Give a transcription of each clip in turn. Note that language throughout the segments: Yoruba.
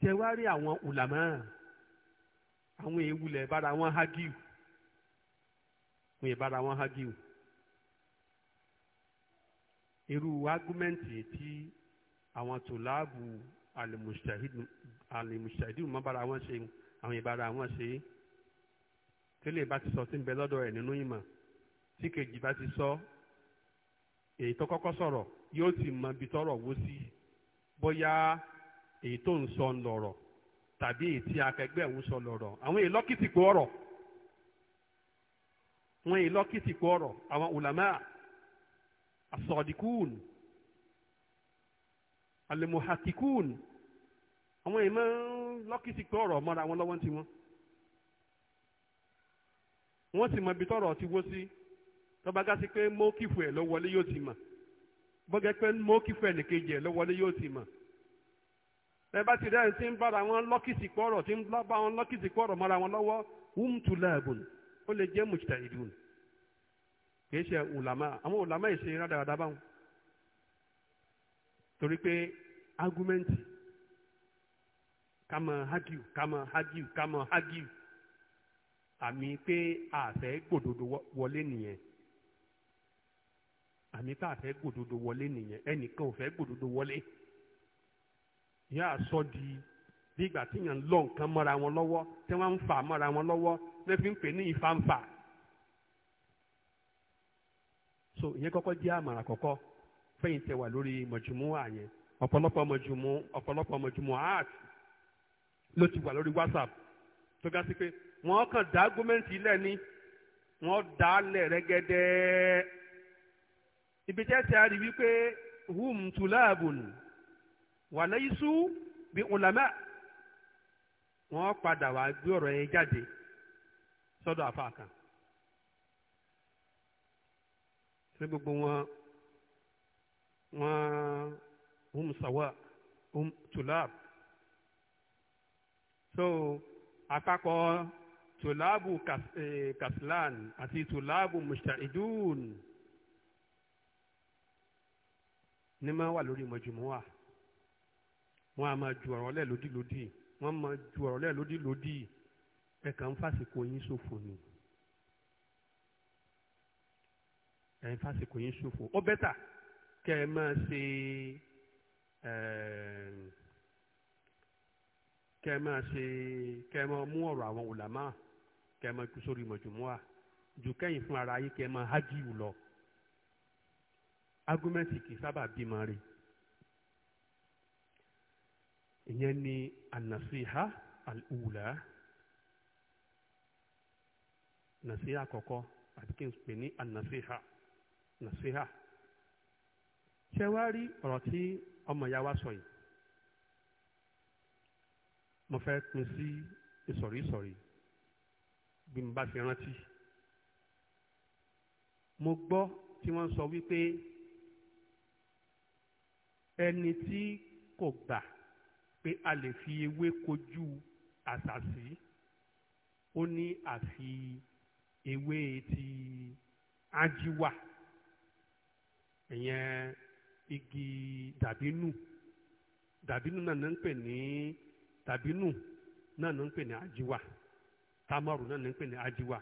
tẹ wá rí àwọn ulama àwọn ewúlẹ̀ bára wọn hagiu wọn ìbára wọn hagiu irú agúmẹ́ǹtì tí àwọn tòláàbù alimusahidu mọ́ bára wọn ṣe àwọn ìbára wọn ṣe tẹ́lẹ̀ bá ti sọ sí ń bẹ lọ́dọ̀ ẹ̀ nínú ìmọ̀ tí kejì bá ti sọ èyí tó kọ́kọ́ sọ̀rọ̀ yóò ti mọ ibi wó sí bóyá èyí tó ń sọ lọ̀rọ̀ tàbí èyí tí akẹgbẹ́ òun sọ lọ̀rọ̀ àwọn èyí lọ́kìtìkọ ọ̀rọ̀ wọn èyí lọ́kìtìkọ ọ̀rọ̀ àwọn ulama asọ̀dìkún alimuhakikun àwọn èyí máa ń lọ́kìtìkọ ọ̀rọ̀ mọ́ra wọn lọ́wọ́ tiwọn wọ́n sì mọ ibi tọ́rọ̀ ti wó sí tọ́ba gá sí pé mọ́kìfù ẹ̀ ló wọlé yóò ti mọ̀ bọ́gẹ́ pé mọ́kìfù ẹ̀ nìkejì ẹ̀ ló wọlé yóò ti mọ̀ ẹ bá ti rẹ́ ẹni tí ń bára wọn lọ́kìtì pọ̀rọ̀ tí ń bá wọn lọ́kìtì pọ̀rọ̀ mọ́ra wọn lọ́wọ́ wúmtúláàbùn ó lè jẹ́ mujtahidun kìí ṣe ulama àwọn ulama yìí ṣe rádaràdà báwọn torí pé argumenti kàmọ hagiu kàmọ hagiu kàmọ hagiu àmì pé àfẹ́ gbòdodo wọlé nìyẹn àmì pé àfẹ́ gbòdodo wọlé nìyẹn ẹnìkan ò fẹ́ gbòdodo wọlé ìyá àsọ di bí ìgbà tí yàn ń lọ nǹkan mọ́ra wọn lọ́wọ́ tí wọ́n ń fà mọ́ra wọn lọ́wọ́ lẹ́fi ń pè ní ìfàǹfà so ìyẹn kọ́kọ́ jẹ́ àmàrà kọ́kọ́ fẹ́yìn tẹ wà lórí mọ̀jùmọ́ àyẹn ọ̀pọ̀lọpọ̀ mọ̀jùmọ́ ọ̀pọ̀lọpọ̀ mọ̀jùmọ́ art ló ti wà lórí whatsapp tó ga sí pé wọ́n kàn dá gómẹ́ǹtì lẹ̀ ni wọ́n dá lẹ̀ rẹ́gẹ́dẹ́ ibi tẹ́tẹ́ á rí wípé hum tulabun wàlẹ́yìísú bí ulama wọ́n padà wá gbé ọ̀rọ̀ yẹn jáde sọ́dọ̀ àfa ṣé gbogbo wọn wọn hum sawa hum tulab so àpapọ̀ tulabu kas, eh, kaslan àti tulabu musta'idun ni máa wà lórí mọ̀jùmọ́ wọ́n á máa ju ọ̀rọ̀ lẹ̀ lódìlódì wọ́n máa ju ọ̀rọ̀ lẹ̀ lódìlódì ẹ kàn ń fàsìkò yín ṣòfò ni ẹ ń fàsìkò yín ṣòfò ó bẹ́tà kẹ́ ẹ máa ṣe kẹ́ ẹ máa ṣe kẹ́ ẹ máa mú ọ̀rọ̀ àwọn òlàmá kẹ́ ẹ máa kú sórí mọ̀jùmọ́à jù kẹ́yìn fún ara yín kẹ́ ẹ máa hájì wù lọ kì í sábà bímọ rèé ìyẹn ni ànàsíhá àlùwùlá nàsíhá àkọ́kọ́ àti kí n pè ní ànàsíhá nàsíhá ṣe wá rí ọ̀rọ̀ tí ọmọ ìyá wa sọ yìí mo fẹ́ pín sí ìsọ̀rísọ̀rí bí mo bá fi rántí mo gbọ́ tí wọ́n sọ wípé ẹni tí kò gbà pé a lè fi ewé kojú àṣàṣì ó ní àfi ewé ti ájíwà ìyẹn igi dàbínú dàbínú náà ń pè ní dàbínú náà ń pè ní ájíwà támọ́rù náà ń pè ní ájíwà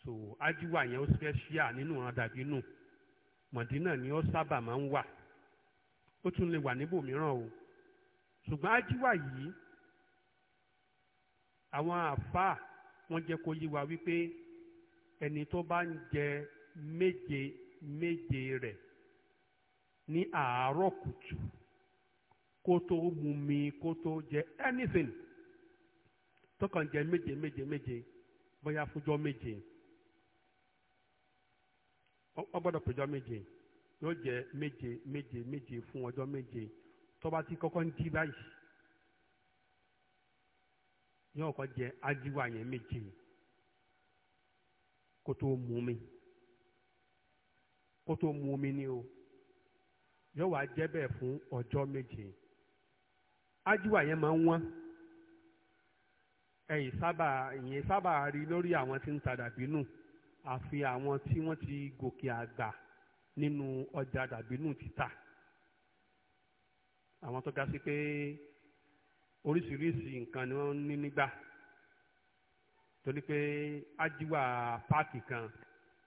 so ájíwà yẹn ó special nínú ọ̀ràn dàbínú mọ̀dínà ni ó sábà máa ń wà ó tún lè wà níbòmíràn o ṣùgbọ́n ajíwà yìí àwọn àfáà wọ́n jẹ́ kó yí wa wípé ẹni tó bá ń jẹ méje méje rẹ̀ ní àárọ̀ kùtù kó tó mu mi kó tó jẹ anything tó kàn jẹ méje méje méje bóyá fúnjọ́ méje ó gbọ́dọ̀ péjọ méje yóò jẹ méje méje méje fún ọjọ́ méje tọ́ba ti kọ́kọ́ ń di báyìí yóò kọ́ jẹ ajiwa yẹn méje kó tó mú mi kó tó mú mi ni o yóò wá jẹ́ bẹ́ẹ̀ fún ọjọ́ méje ajiwa yẹn máa ń wọ́n ẹ̀yìn sábà ìyẹn sábà rí lórí àwọn tí ń ta dàbínù àfi àwọn tí wọ́n ti gòkè àgbà nínú ọjà dàbínù títà àwọn tó ga sí pé oríṣiríṣi nǹkan ni wọ́n ní nígbà torí pé ajiwa páàkì kan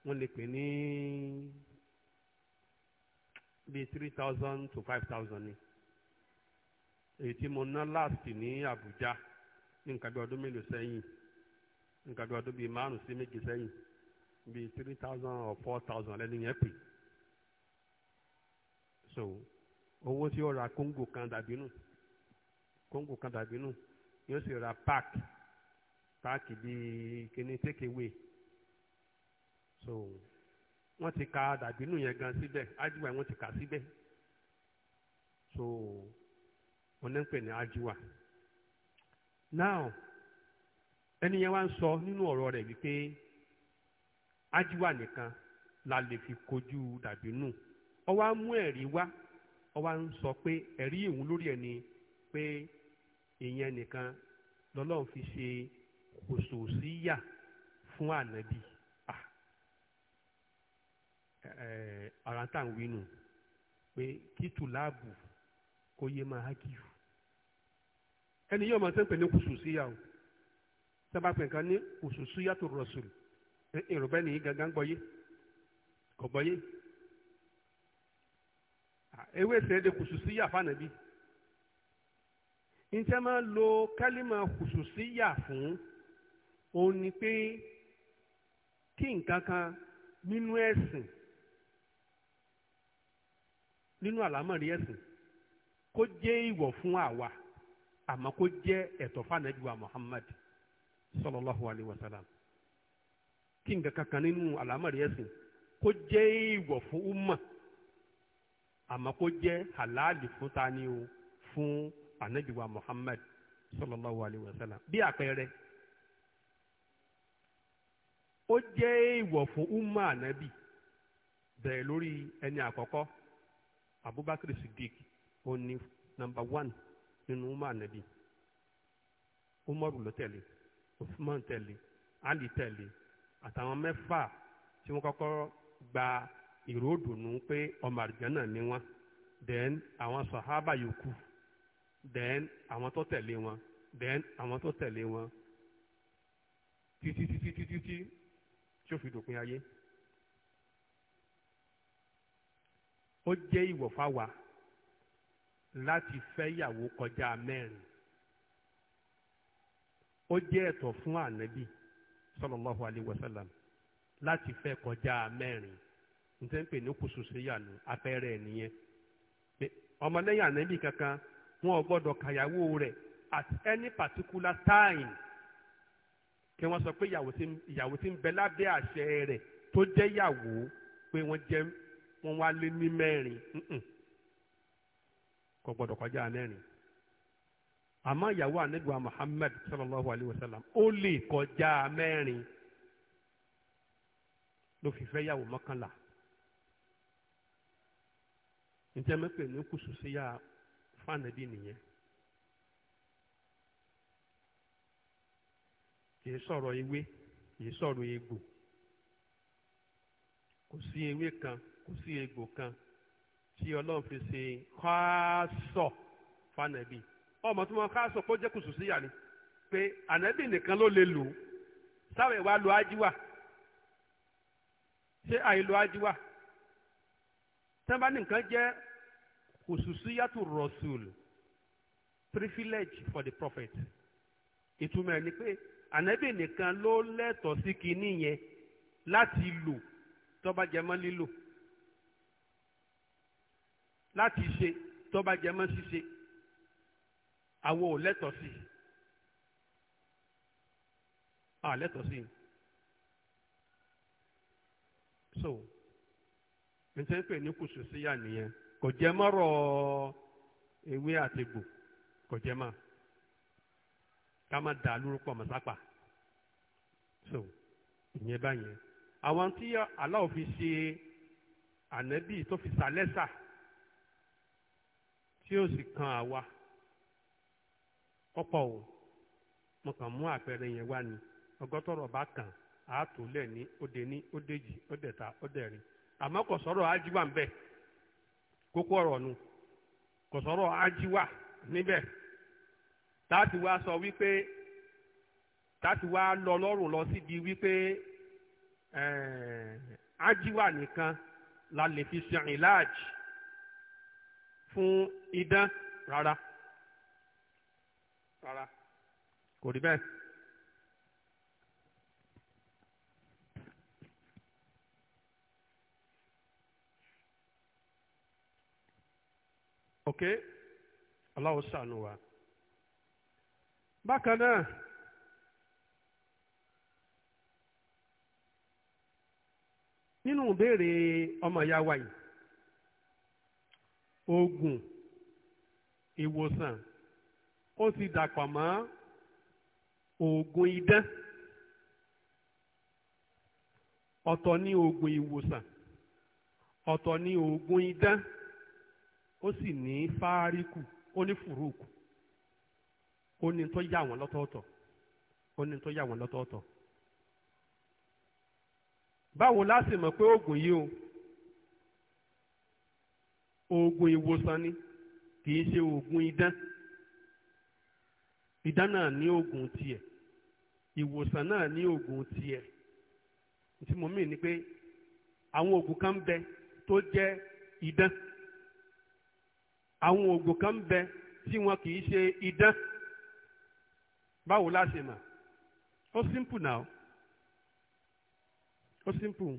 wọ́n lè pè ní bíi three thousand to five thousand ni èyí tí mo ná last ní Àbújá ní nǹkan bí ọdún mélòó sẹ́yìn nǹkan bí ọdún bíi márùn sí méje sẹ́yìn bíi three thousand or four thousand lẹ́nu yẹn pè so owó tí ó ra kóńgò kan dàbínú kóńgò kan dàbínú yóò sì ra páàkì páàkì bíi kíní take away so wọn ti ka dàbínú yẹn gan síbẹ̀ ajiwa wọ́n ti ka síbẹ̀ so wọ́n ń ajiwa ní ájúwà now ẹni yẹn wá ń sọ nínú ọ̀rọ̀ rẹ̀ wípé ajiwa nìkan la lè fi kojú dàbínú ọ wá mú ẹ̀rí wá ó wá ń sọ pé ẹ̀rí ìhun lórí ẹ̀ ni pé ìyẹn nìkan lọ́lọ́run fi ṣe kòsòsíyà fún ànábì ara tá à ń wí nù pé kìtù láàbù kó yé máa hákìú ẹni yóò máa sẹ́ńpẹ̀ ní kòsòsíyà o sábà nǹkan ní kòsòsíyà tó rọ̀sùn èrò bẹ́ẹ̀ nìyí gangan gbọ́ yé kò gbọ́ yé. ewé ṣèdè kùsùsíyà fànàbí njẹ́ máa lo kalima kùsùsíyà fún òun ni pé kí nǹkan ninu nínú ninu nínú àlámọ̀rí ko kó jẹ́ ìwọ̀ fún àwa àmọ́ kó jẹ́ ẹ̀tọ́ wa Muhammad sallallahu alayhi wa sallam kí nǹkan ninu nínú àlámọ̀rí ko kó jẹ́ fún umma. àmọ́ kó jẹ́ halali fún ta ni o fún anabiwa Muhammad sallallahu alayhi wa sallam bí àpẹẹrẹ ó jẹ́ èèwọ̀ fún umma anabi bẹ̀rẹ̀ lórí ẹni àkọ́kọ́ Abubakar Siddiq ó ní nọ́mbà one nínú umma anabi Umaru ló tẹ̀lé Usman tẹ̀lé Ali tẹ̀lé àtàwọn mẹ́fà tí wọ́n kọ́kọ́ gba ìró dùnú pé ọmọ àlùjànnà ni wọn then àwọn sàhábà yòókù then àwọn tó tẹ̀lé wọn then àwọn tó tẹ̀lé wọn títí títí títí tí tí ó fi dòpin ayé. ó jẹ́ ìwọ̀ fáwa láti fẹ́ kọjá mẹ́rin ó jẹ́ ẹ̀tọ́ fún ànábì láti fẹ́ kọjá mẹ́rin. n tẹ́ ń pè ní kùsùsíyànù àpẹẹrẹ nìyẹn ọmọlẹ́yìn ànẹ́bì kankan wọn ò gbọ́dọ̀ kàyàwó rẹ̀ at any particular time kí wọ́n sọ pé ìyàwó tí ń bẹ lábẹ́ àṣẹ rẹ̀ tó jẹ́ ìyàwó pé wọ́n jẹ́ wọ́n wá lé ní mẹ́rin kò gbọ́dọ̀ kọjá mẹ́rin àmọ́ ìyàwó anagba Muhammad sallallahu alayhi wa sallam ó lè kọjá mẹ́rin ló fi fẹ́ yàwó mọ́kànlá njẹ́ mẹ́pẹ̀ ní kùsù sí yá fànàbí nìyẹn kìí sọ̀rọ̀ ewé kìí sọ̀rọ̀ egbò kò sí ewé kan kò sí egbò kan tí ọlọ́run fi ṣe káàsọ̀ fànàbí ọmọ tó mọ káàsọ̀ kó jẹ́ kùsù sí yá ni pé ànábì nìkan ló lè lò sáwọn ìwà lo ajíwà ṣé àìlò ajíwà tẹ́ bá ní nǹkan jẹ́ kùsùsùyàtù rọ̀ṣùl privilege for the prophet ìtumọ̀ ẹ̀ ni pé ànábì nìkan ló lẹ́tọ̀ọ́ sí kinní yẹn láti lò tó bá jẹ mọ́ lílò láti ṣe tó bá ṣíṣe àwọn ò lẹ́tọ̀ọ́ sí à lẹ́tọ̀ọ́ sí so níta ń pè ní kùsùsíyà nìyẹn kò jẹ́ mọ́rọ̀ ewé àtegbò kò jẹ́ mọ́ ká má dà lórúkọ mọ̀sápà so ìyẹn báyẹn àwọn tí aláwọ̀ fi ṣe ànábì tó fi sàlẹ́sà tí ó sì kan àwa ọ̀pọ̀ o mo kàn mú àpẹẹrẹ yẹn wá ni ọgọ́tọ̀rọ̀ bá kàn á tó lẹ̀ ní ó dé ní ó dé ó dẹ̀ ó dẹ̀ àmọ́ kò sọ̀rọ̀ ajíwà ńbẹ̀ kókó ọ̀rọ̀ nu kò sọ̀rọ̀ ajíwà níbẹ̀ táàtì wá sọ wípé táàtì wá lọ lọ́rùn lọ síbi wípé eh, ajíwà nìkan la lè fi ṣe ìlàjì fún idán rárá rárá kò rí bẹ́ẹ̀. ok Allah ṣàánú wa. bákan náà nínú ìbéèrè ọmọ ya wa Ogun. oògùn ìwòsàn ó ti dàpọ̀ mọ́ oògùn idán ọ̀tọ̀ ni oògùn ìwòsàn ọ̀tọ̀ ni oògùn idán. ó sì ní fáríkù ó ní fùrúùkù ó ní tó yà wọ́n lọ́tọ̀ọ̀tọ̀ ó ní tó yà wọ́n lọ́tọ̀ọ̀tọ̀ báwo la mọ̀ pé oògùn yìí o oògùn ìwòsàn ni kì í ṣe oògùn idán idán náà ní oògùn tiẹ̀ ìwòsàn náà ní oògùn tiẹ̀ tí mo mì ní pé àwọn oògùn kan ń bẹ tó jẹ́ idán. àwọn oògùn kan bẹ tí wọn kì í ṣe idán báwo la ṣe mà ó simple now ó simple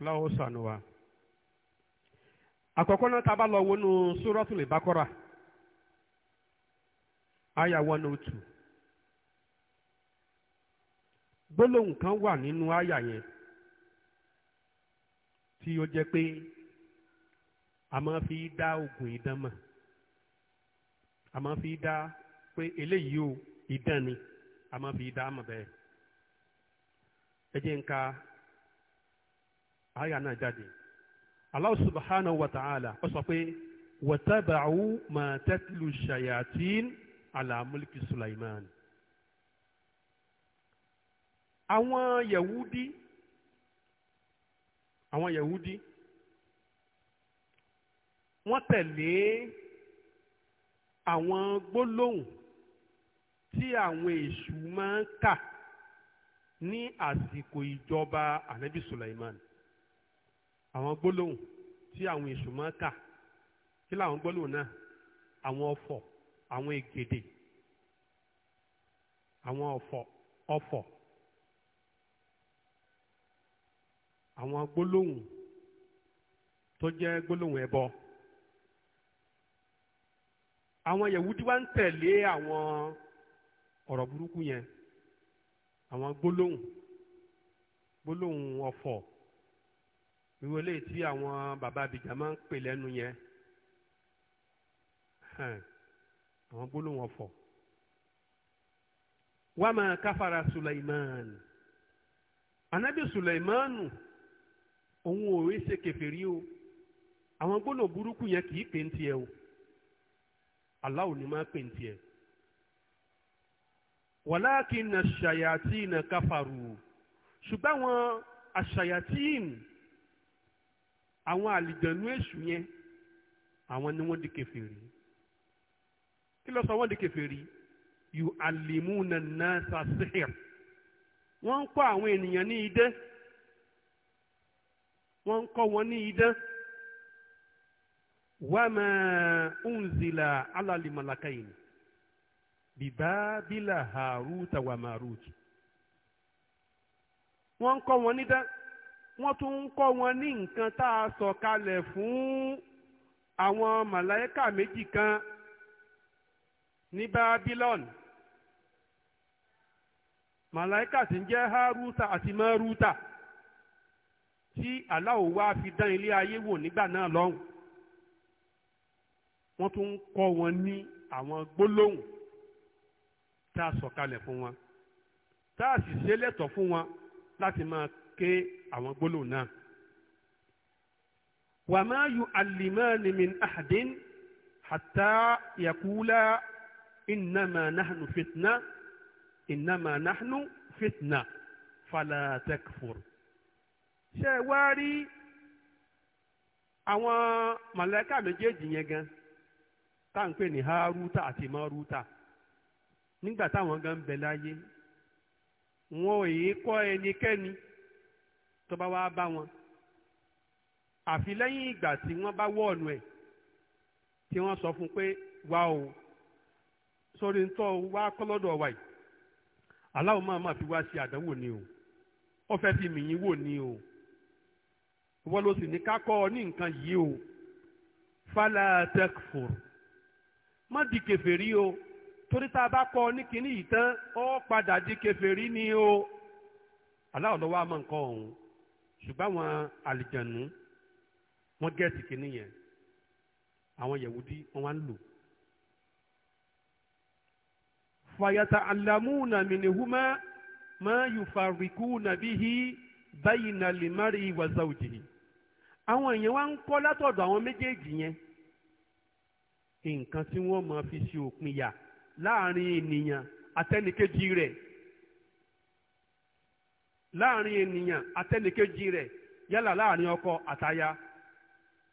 láwọ sànù wa àkọ́kọ́ náà tá a bá lọ wọnú Suratul Baqara aya one oh two gbólóhùn kan wà nínú aya yẹn tí ó jẹ pé. a máa fi dá oògùn idán mọ̀ a máa fi dá pé eléyìí o idán ni a máa fi dá mọ̀ bẹ́ẹ̀ ẹ jẹ́ ń ka àyà náà jáde Allah subhanahu wa ta'ala ó sọ pé wàtábàáwú máa tẹ́tìlù ṣàyàtín àlàmúlìkì Sulaiman àwọn Yahudi àwọn Yahudi wọ́n tẹ̀lé àwọn gbólóhùn tí àwọn èṣù máa ń kà ní àsìkò ìjọba ànábì Sulaiman àwọn gbólóhùn tí àwọn èṣù máa ń kà kí làwọn gbólóhùn náà àwọn ọ̀fọ̀ àwọn ègèdè àwọn ọ̀fọ̀ ọ̀fọ̀ àwọn gbólóhùn tó jẹ́ gbólóhùn ẹbọ. E àwọn yẹ̀wùdí wá ń tẹ̀lé àwọn ọ̀rọ̀ burúkú yẹn àwọn gbólóhùn gbólóhùn ọ̀fọ̀ ìwé lè tí àwọn bàbá abidjan máa ń pè lẹ́nu yẹn àwọn gbólóhùn ọ̀fọ̀ wá máa káfara Sulaiman anabi Sulaimanu òun ò rí ṣe kèfèrí o àwọn gbólóhùn burúkú yẹn kì í pè ń tiẹ̀ o aláwo ni máa pè ní tiẹ̀. wàláàkì na ṣàyàtì na káfàrù ṣùgbọ́n àwọn àṣàyàtì àwọn àlìjẹ̀nú èṣù yẹn àwọn ni wọ́n di kèfèrí kí ló sọ wọ́n di kèfèrí yù àlìmú na nàṣà sihir wọ́n ń kọ́ àwọn ènìyàn ní idán wọ́n ń kọ́ wọn ní idán. wama unzila ala limalakaini bibabila haruta wa maruti wọ́n ń kọ́ wọn nídá wọ́n tún ń wọn ní nǹkan tá a sọ kalẹ̀ fún àwọn màláíkà méjì kan ní babylon màláíkà sì ń jẹ́ haruta àti maruta tí aláwo wá fi dán ilé ayé wò nígbà náà lọ́hùn. wọ́n tún ń kọ́ wọn ní àwọn gbólóhùn tá a sọ̀kalẹ̀ fún wọn tá a sì ṣe lẹ́tọ̀ọ́ fún wọn láti máa ké àwọn gbólóhùn náà. wa ma yu'allimani min ahadin hatta yakula innama nahnu fitna innama nahnu fitna fala takfur. ṣé ẹ wá rí àwọn màlẹ́kà méjèèjì yẹn gan-an tá à ń pè ní haruta àti maruta nígbà táwọn gan ń bẹ láyé wọn ò yé kọ́ ẹnikẹ́ni tó bá wá bá wọn àfi lẹ́yìn ìgbà tí wọ́n bá wọ́ọ̀nù ẹ̀ tí wọ́n sọ fún pé wá o sórí ń tọ́ wá kọ́lọ́dọ̀ wa yìí aláwọ̀ máa máa fi wá ṣe àdánwò ni o ó fẹ́ fi mìyín wò ni o ìwọ ló sì ní ká kọ́ ọ ní nǹkan yìí o fálá tẹ́kfùrù má di kèfèrí o torí tá a bá kọ ní kinní yìí tán ó padà di kèfèrí ni o aláwọ̀ lọ́wọ́ àmọ́ nǹkan ọ̀hún ṣùgbọ́n àwọn àlìjànú wọ́n gẹ̀ẹ́sì kinní yẹn àwọn yẹ̀wùdí wọ́n wá ń lò. fàyàtà àlàmúnà mìnìhùmá máa yùfàrìkú nàbíhí báyìí nàlìmárì wàzàwùjì àwọn èèyàn wá ń kọ́ látọ̀dọ̀ àwọn méjèèjì yẹn nǹkan tí wọ́n máa fi ṣe òpin yà láàrin ènìyàn àtẹnìkejì rẹ̀ láàrin ènìyàn àtẹnìkejì rẹ̀ yálà láàrin ọkọ àtaya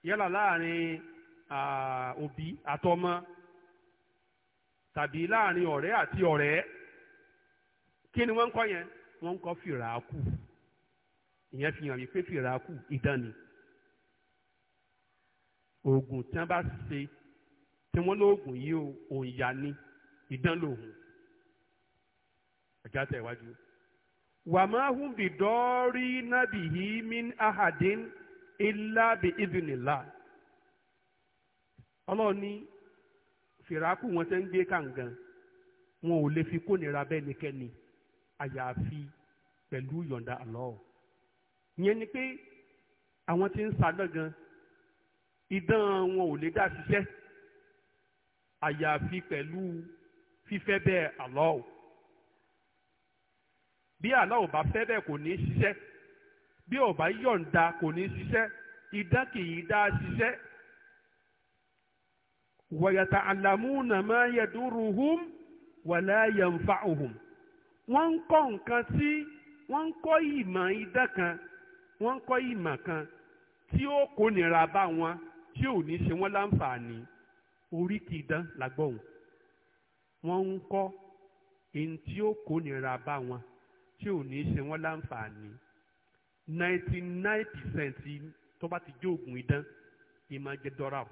yálà láàrin òbí àtọmọ tàbí láàrin ọ̀rẹ́ àti ọ̀rẹ́ kí ni wọ́n ń kọ́ yẹn wọ́n ń kọ́ fìràákù ìyẹn fi hàn wípé fìràákù ìdán oògùn tí wọ́n bá ṣe tí wọ́n lóògùn yìí òǹyà ni ìdán lòun ẹ̀já tẹ̀ wájú. wàmáhùn bìdọ́rí nábìhí min ahadin illa bi idinila ọlọ́run ní fìràkù wọn tẹ́ ń gbé kàǹgàn wọn ò lè fi kónira bẹ́ẹ̀ nìkẹ́ni àyàfi pẹ̀lú yọ̀ǹda Allah ìyẹn ni pé àwọn tí ń sa lọ́gàn idán wọn ò lè dá ṣiṣẹ́. àyàfi pẹ̀lú fífẹ́ bẹ́ẹ̀ Allah o bí Allah ò bá fẹ́ bẹ́ẹ̀ kò ní í ṣiṣẹ́ bí ò bá yọ̀ǹda kò ní í ṣiṣẹ́ idá kì í dá ṣiṣẹ́ wa yata'allamuna ma yaduruhum wala yanfa'uhum wọ́n ń kọ́ nǹkan tí wọ́n ń kọ́ ìmọ̀ idá kan wọ́n ń kọ́ ìmọ̀ kan tí ó kó nira bá wọn tí ò ní ṣe wọ́n láǹfààní. orí kì í dán làgbọ̀hùn wọ́n ń kọ́ èyí tí ó kó nira bá wọn tí ò ní í ṣe wọ́n láǹfààní ninety nine percent tó bá ti jó oògùn idán ìmọ̀ o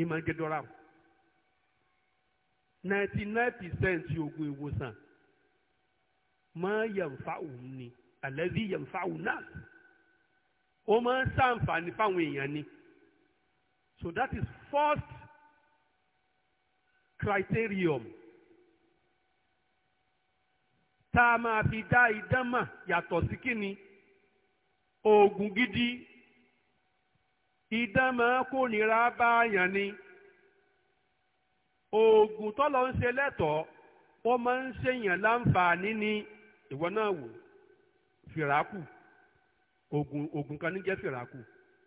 ìmọ̀ o ninety nine percent oògùn ìwòsàn máa yẹ̀nfà òun ni àlẹ́bí yẹ̀nfà òun náà ó máa ń ṣàǹfààní fáwọn èèyàn ni. So that is first criterion tá a máa fi dá idán yàtọ̀ sí kíni oògùn gidi idán máa nira bá yàn ni oògùn tọ́lọ̀ ń ṣe lẹ́tọ̀ọ́ wọ́n máa ń ṣèyàn láǹfààní ní ìwọ náà wò fìràkù oògùn kan ní jẹ́ fìràkù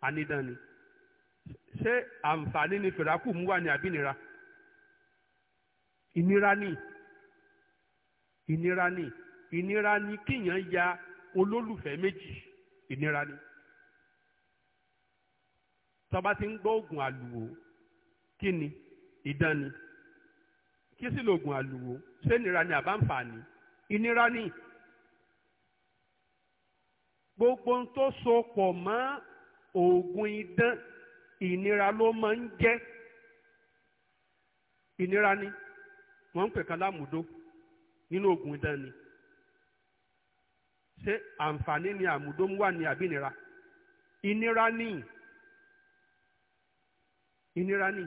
anídán ni. Ogun, ṣé àǹfààní ni fìràkù mú wà ní àbínira ìnira ni ìnira ni ìnira ni kíyàn ya olólùfẹ́ méjì ìnira ni tọba ti ń gbọ́ oògùn àlùwò kí ni ìdán ni kí sì lóògùn àlùwò ṣé ìnira ni àbáǹfààní ìnira ni gbogbo tó so pọ̀ mọ́ oògùn ìdán ìnira ló máa ń jẹ́ ìnira ni wọ́n ń pè kan lámùdó nínú oògùn idán ni ṣé àǹfààní ni àmùdó ń wà ní àbínira ìnira ni ìnira ni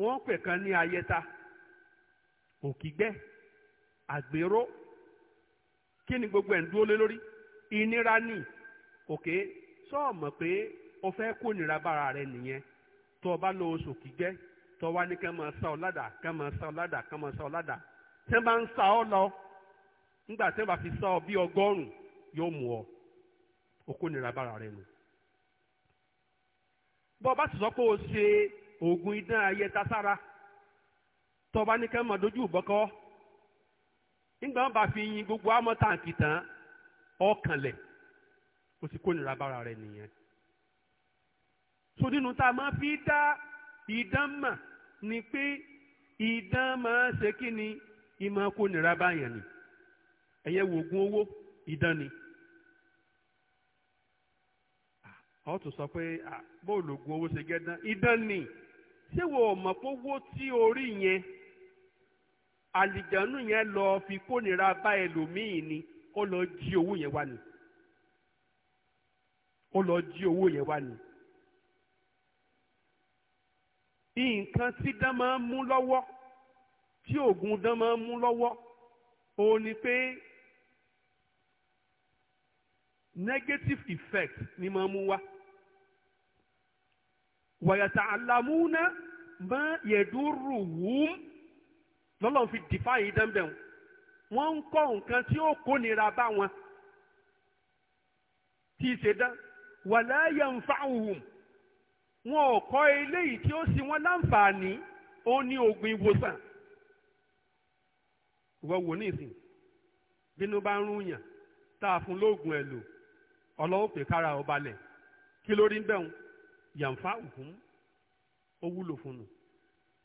wọ́n pè kan ní ayẹta òkìgbẹ́ àgbéró kí ni gbogbo ẹ̀ ń dúró lé lórí ìnira ni òkè sọ́ọ̀mọ̀ pé o fẹ́ kó nira bára rẹ nìyẹn tó o bá lo oṣù kígẹ́ tó o wá ní kẹ́mọ̀ sá ọ ládàá kẹ́mọ̀ sá ọ ládàá ọ lọ nígbà tẹ́ bá fi sá ọ o kó nira bára rẹ o ṣe oògùn idán sára tó o bá ní kẹ́mọ̀ dojú nígbà wọn bá fi o kó nira bára so nínú tá a máa fi dá idán mà ni pé idán máa ṣe kí ni ìmọ̀ kó nira báyẹn ni ẹ̀yẹ wògùn owó idán ni. ọ̀ tún sọ pé bóòlù ògùn owó ṣe gẹ́dán idán ni ṣé wo mọ̀ pé owó tí orí yẹn àlìjánu yẹn lọ fi kó nira bá ẹlòmíì ni ó lọ jí owó yẹn wá ni ó lọ jí owó yẹn wá ni nǹkan tí dán máa ń mú lọ́wọ́ tí oògùn dán máa ń mú lọ́wọ́ òun ni pé negative effect ni máa ń mú wá wàyàtà àlàmúná máa yẹ̀dúrù wùm lọ́lọ́run fi define dánbẹ̀ wọn wọ́n ń kọ́ nǹkan tí ó kónira bá wọn tí ì ṣe dán wàlá yanfa'uhum wọn ò kọ́ eléyìí tí ó sì wọ́n láǹfààní ó ní oògùn ìwòsàn ìwọ wò ní ìsìn bínú bá ń rún yàn tá a fún lóògùn ẹ̀ lò ọlọ́wọ́ pè kára ọ balẹ̀ kí ló rí bẹ́ẹ̀ yànfà òkun ó wúlò fún un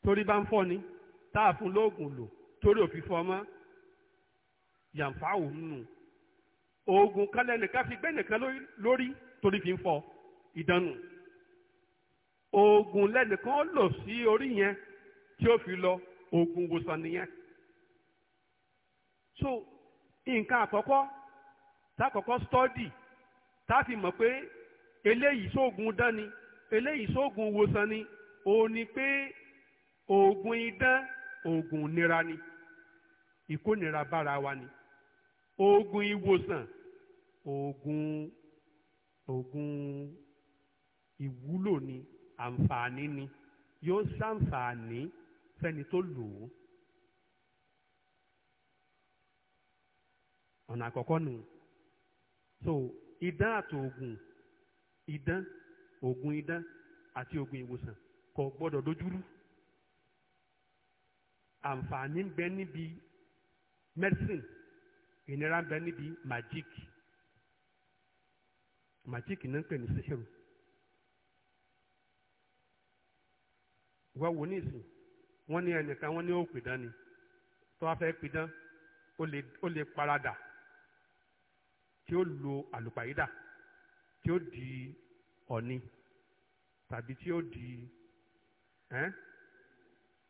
torí bá ń fọ́ ni tá a fún lóògùn lò torí òfin fọ́ mọ́ yànfà òun nù oògùn kan lẹ́nìkan fi gbẹ́nìkan lórí torí fi ń fọ́ ìdánù oògùn lẹ́nìkan lò sí orí yẹn tí ó fi lọ oògùn wòsàn nìyẹn. so nǹkan àkọ́kọ́ tá a kọ́kọ́ stọ́dì tá a fi mọ̀ pé eléyìí sóògùn dán ni eléyìí sóògùn wòsàn ni òun ni pé oògùn idán oògùn nira ni ìkónira bára wa ni oògùn ìwòsàn oògùn oògùn ìwúlò ni àǹfààní ni yóò ṣàǹfààní fẹ́ni tó lò ó. ọ̀nà àkọ́kọ́ nù so idán àti oògùn idán oògùn idán àti oògùn ìwòsàn kò gbọ́dọ̀ dojúrú àǹfààní ń bẹ níbi medicine ìnira ń bẹ níbi magic magic náà ń pè ní sihiru wá wò ní ìsìn wọ́n ní ẹnìkan wọ́n ní ó pìdán ni tó wá fẹ́ pìdán ó lè paradà tí ó lo àlùpàyídà tí ó di ọ̀ni tàbí tí ó di ẹ́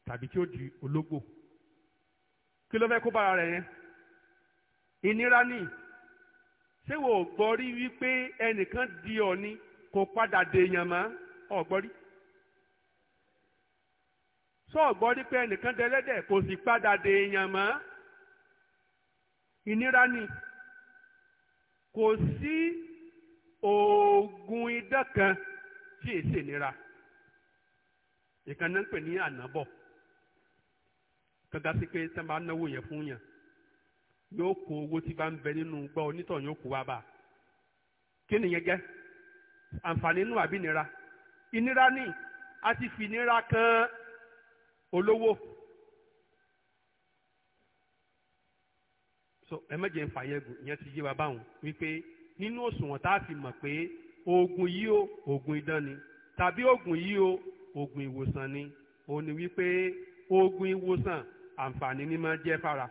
tàbí tí ó di ológbò kí ló fẹ́ kó bára rẹ̀ yẹn ìnira ni ṣé wò ó gbọ́ rí wípé ẹnìkan di ọ̀ni kò padà dèèyàn mọ́ ọ̀gbọ́n rí sọ̀gbọ́ rí pé ẹnìkan dẹlẹ́dẹ̀ kò sì padà dé èèyàn mọ́ ìnira ni kò sí oògùn idán kan tí èsì ìnira ìkànnì ń pè ní ànábọ̀ kọ́gá sí pé tẹ́ máa náwó yẹn fún yàn yóò kó owó tí bá ń bẹ nínú gbọ́ onítọ̀ yóò kó wá bá a kí nìyẹn jẹ́ àǹfààní inú àbí ìnira ìnira ni a ti fi ìnira kan olówó so ẹ mẹ́jẹ̀ ń fàyẹ̀gùn ìyẹn ti yé wa báwọn wípé nínú òṣùwọ̀n tá a fi mọ̀ pé oògùn yìí o oògùn idán ni tàbí oògùn yìí o oògùn ìwòsàn ni òun ni wípé oògùn ìwòsàn àǹfààní ni máa jẹ́ fara.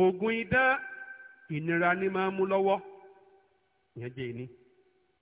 oògùn idán ìnira ni máa mú lọ́wọ́ ìyẹn jẹ́ ìní.